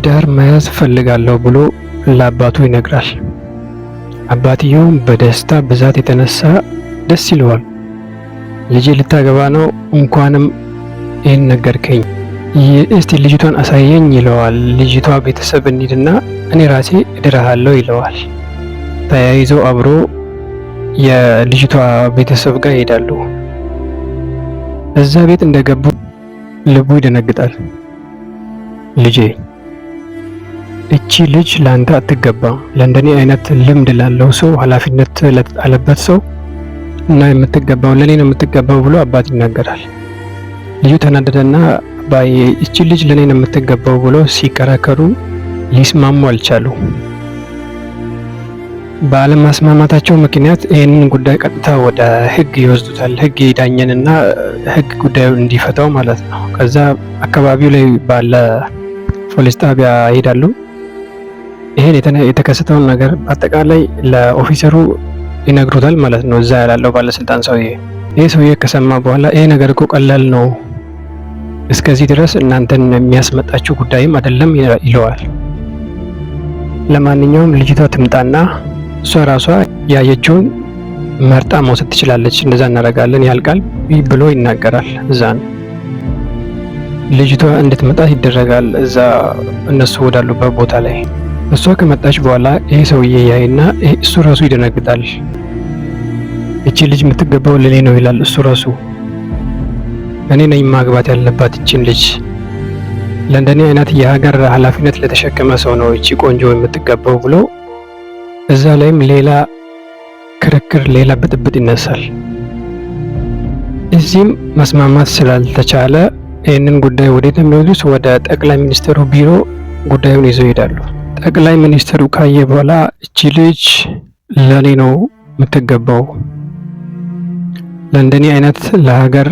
ትዳር መያዝ ፈልጋለሁ ብሎ ለአባቱ ይነግራል። አባትየውም በደስታ ብዛት የተነሳ ደስ ይለዋል። ልጄ ልታገባ ነው፣ እንኳንም ይህን ነገርከኝ፣ እስቲ ልጅቷን አሳየኝ ይለዋል። ልጅቷ ቤተሰብ እንሂድና እኔ ራሴ እድረሃለሁ ይለዋል። ተያይዞ አብሮ የልጅቷ ቤተሰብ ጋር ይሄዳሉ። እዛ ቤት እንደገቡ ልቡ ይደነግጣል። ልጄ እቺ ልጅ ለአንተ አትገባ፣ ለእንደኔ አይነት ልምድ ላለው ሰው፣ ኃላፊነት ለተጣለበት ሰው እና የምትገባው ለእኔ ነው የምትገባው ብሎ አባት ይናገራል። ልጁ ተናደደና አባዬ እቺ ልጅ ለእኔ ነው የምትገባው ብሎ ሲከራከሩ ሊስማሙ አልቻሉ። ባለማስማማታቸው ምክንያት ይህንን ጉዳይ ቀጥታ ወደ ህግ ይወስዱታል። ህግ ይዳኘንና ህግ ጉዳዩ እንዲፈታው ማለት ነው። ከዛ አካባቢው ላይ ባለ ፖሊስ ጣቢያ ይሄዳሉ። ይሄን የተከሰተውን ነገር አጠቃላይ ለኦፊሰሩ ይነግሩታል ማለት ነው፣ እዛ ያላለው ባለስልጣን ሰውዬ። ይህ ሰውዬ ከሰማ በኋላ ይሄ ነገር እኮ ቀላል ነው፣ እስከዚህ ድረስ እናንተን የሚያስመጣችሁ ጉዳይም አይደለም ይለዋል። ለማንኛውም ልጅቷ ትምጣና እሷ ራሷ ያየችውን መርጣ መውሰድ ትችላለች፣ እንደዛ እናደርጋለን ያልቃል ብሎ ይናገራል። እዛ ነው ልጅቷ እንድትመጣ ይደረጋል፣ እዛ እነሱ ወዳሉበት ቦታ ላይ እሷ ከመጣች በኋላ ይሄ ሰውዬ ያይና እሱ ራሱ ይደነግጣል። እቺ ልጅ የምትገባው ለኔ ነው ይላል። እሱ ራሱ እኔ ነኝ ማግባት ያለባት እቺን ልጅ ለእንደኔ አይነት የሀገር ኃላፊነት ለተሸከመ ሰው ነው እቺ ቆንጆ የምትገባው ብሎ እዛ ላይም ሌላ ክርክር፣ ሌላ ብጥብጥ ይነሳል። እዚህም መስማማት ስላልተቻለ ይህንን ጉዳይ ወደ ተመለሱ ወደ ጠቅላይ ሚኒስትሩ ቢሮ ጉዳዩን ይዘው ይሄዳሉ። ጠቅላይ ሚኒስትሩ ካየ በኋላ እቺ ልጅ ለእኔ ነው የምትገባው፣ ለእንደኔ አይነት ለሀገር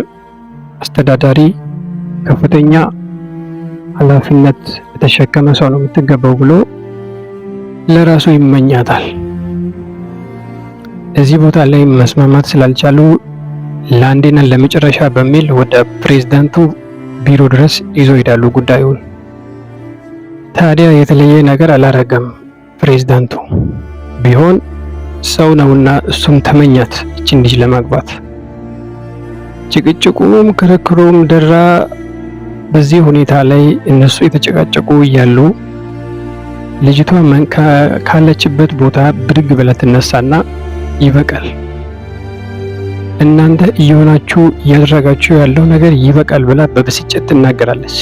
አስተዳዳሪ ከፍተኛ ኃላፊነት የተሸከመ ሰው ነው የምትገባው ብሎ ለራሱ ይመኛታል። እዚህ ቦታ ላይ መስማማት ስላልቻሉ ለአንዴና ለመጨረሻ በሚል ወደ ፕሬዝዳንቱ ቢሮ ድረስ ይዞ ሄዳሉ ጉዳዩን ታዲያ የተለየ ነገር አላረገም ፕሬዝዳንቱ። ቢሆን ሰው ነውና እሱም ተመኛት ይችን ልጅ ለማግባት። ጭቅጭቁም ክርክሩም ደራ። በዚህ ሁኔታ ላይ እነሱ የተጨቃጨቁ እያሉ ልጅቷ ካለችበት ቦታ ብድግ ብላ ትነሳና ይበቃል እናንተ እየሆናችሁ እያደረጋችሁ ያለው ነገር ይበቃል ብላ በብስጭት ትናገራለች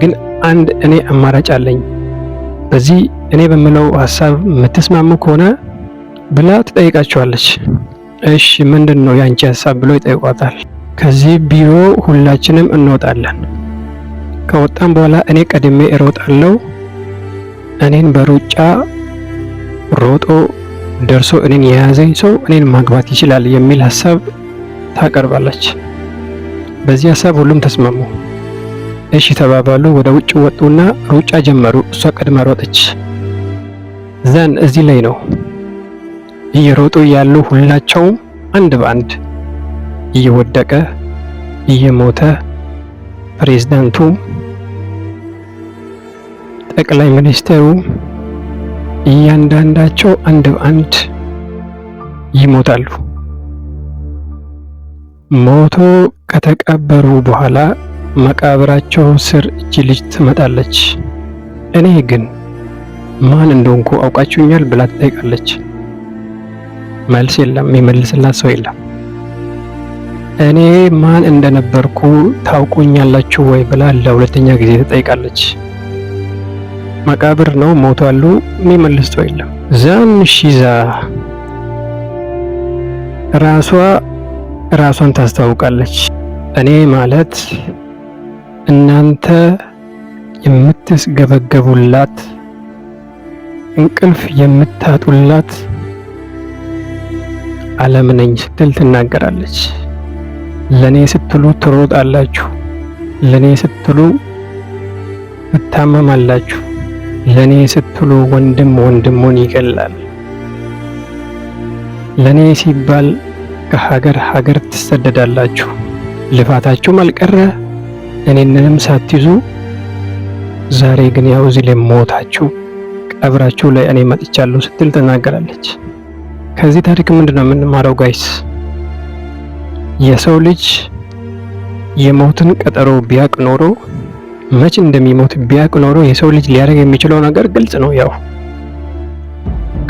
ግን አንድ እኔ አማራጭ አለኝ፣ በዚህ እኔ በምለው ሀሳብ የምትስማሙ ከሆነ ብላ ትጠይቃቸዋለች። እሺ ምንድን ነው የአንቺ ሀሳብ ብሎ ይጠይቋታል። ከዚህ ቢሮ ሁላችንም እንወጣለን። ከወጣም በኋላ እኔ ቀድሜ እሮጣለሁ። እኔን በሩጫ ሮጦ ደርሶ እኔን የያዘኝ ሰው እኔን ማግባት ይችላል የሚል ሀሳብ ታቀርባለች። በዚህ ሀሳብ ሁሉም ተስማሙ። እሺ ተባባሉ። ወደ ውጭ ወጡና ሩጫ ጀመሩ። እሷ ቀድማ ሮጠች። ዘን እዚህ ላይ ነው እየሮጡ ያሉ ሁላቸውም አንድ በአንድ እየወደቀ እየሞተ ፕሬዝዳንቱ፣ ጠቅላይ ሚኒስትሩ እያንዳንዳቸው አንድ በአንድ ይሞታሉ። ሞቶ ከተቀበሩ በኋላ መቃብራቸው ስር እጅ ልጅ ትመጣለች። እኔ ግን ማን እንደሆንኩ አውቃችሁኛል ብላ ትጠይቃለች። መልስ የለም፣ የሚመልስላት ሰው የለም። እኔ ማን እንደነበርኩ ታውቁኛላችሁ ወይ ብላ ለሁለተኛ ጊዜ ትጠይቃለች። መቃብር ነው አሉ የሚመልስ ሰው የለም። ዛን ሺዛ ራሷ ራሷን ታስታውቃለች። እኔ ማለት እናንተ የምትስገበገቡላት እንቅልፍ የምታጡላት ዓለም ነኝ ስትል ትናገራለች። ለኔ ስትሉ ትሮጣላችሁ፣ ለኔ ስትሉ ትታመማላችሁ፣ ለኔ ስትሉ ወንድም ወንድሙን ይገላል፣ ለኔ ሲባል ከሀገር ሀገር ትሰደዳላችሁ። ልፋታችሁም አልቀረ እኔንንም ሳትይዙ ዛሬ ግን ያው እዚህ ላይ ሞታችሁ ቀብራችሁ ላይ እኔ መጥቻለሁ ስትል ትናገራለች። ከዚህ ታሪክ ምንድን ነው የምንማረው ጋይስ? የሰው ልጅ የሞትን ቀጠሮ ቢያቅ ኖሮ መቼ እንደሚሞት ቢያቅ ኖሮ የሰው ልጅ ሊያደርግ የሚችለው ነገር ግልጽ ነው። ያው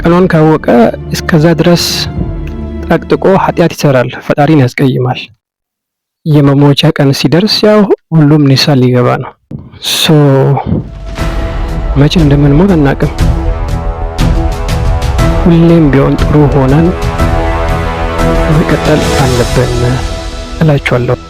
ቀኖን ካወቀ እስከዛ ድረስ ጠቅጥቆ ኃጢአት ይሰራል፣ ፈጣሪን ያስቀይማል። የመሞቻ ቀን ሲደርስ ያው ሁሉም ኒሳ ሊገባ ነው። ሶ መቼ እንደምንሞት አናቅም። ሁሌም ቢሆን ጥሩ ሆነን መቀጠል አለብን እላችኋለሁ።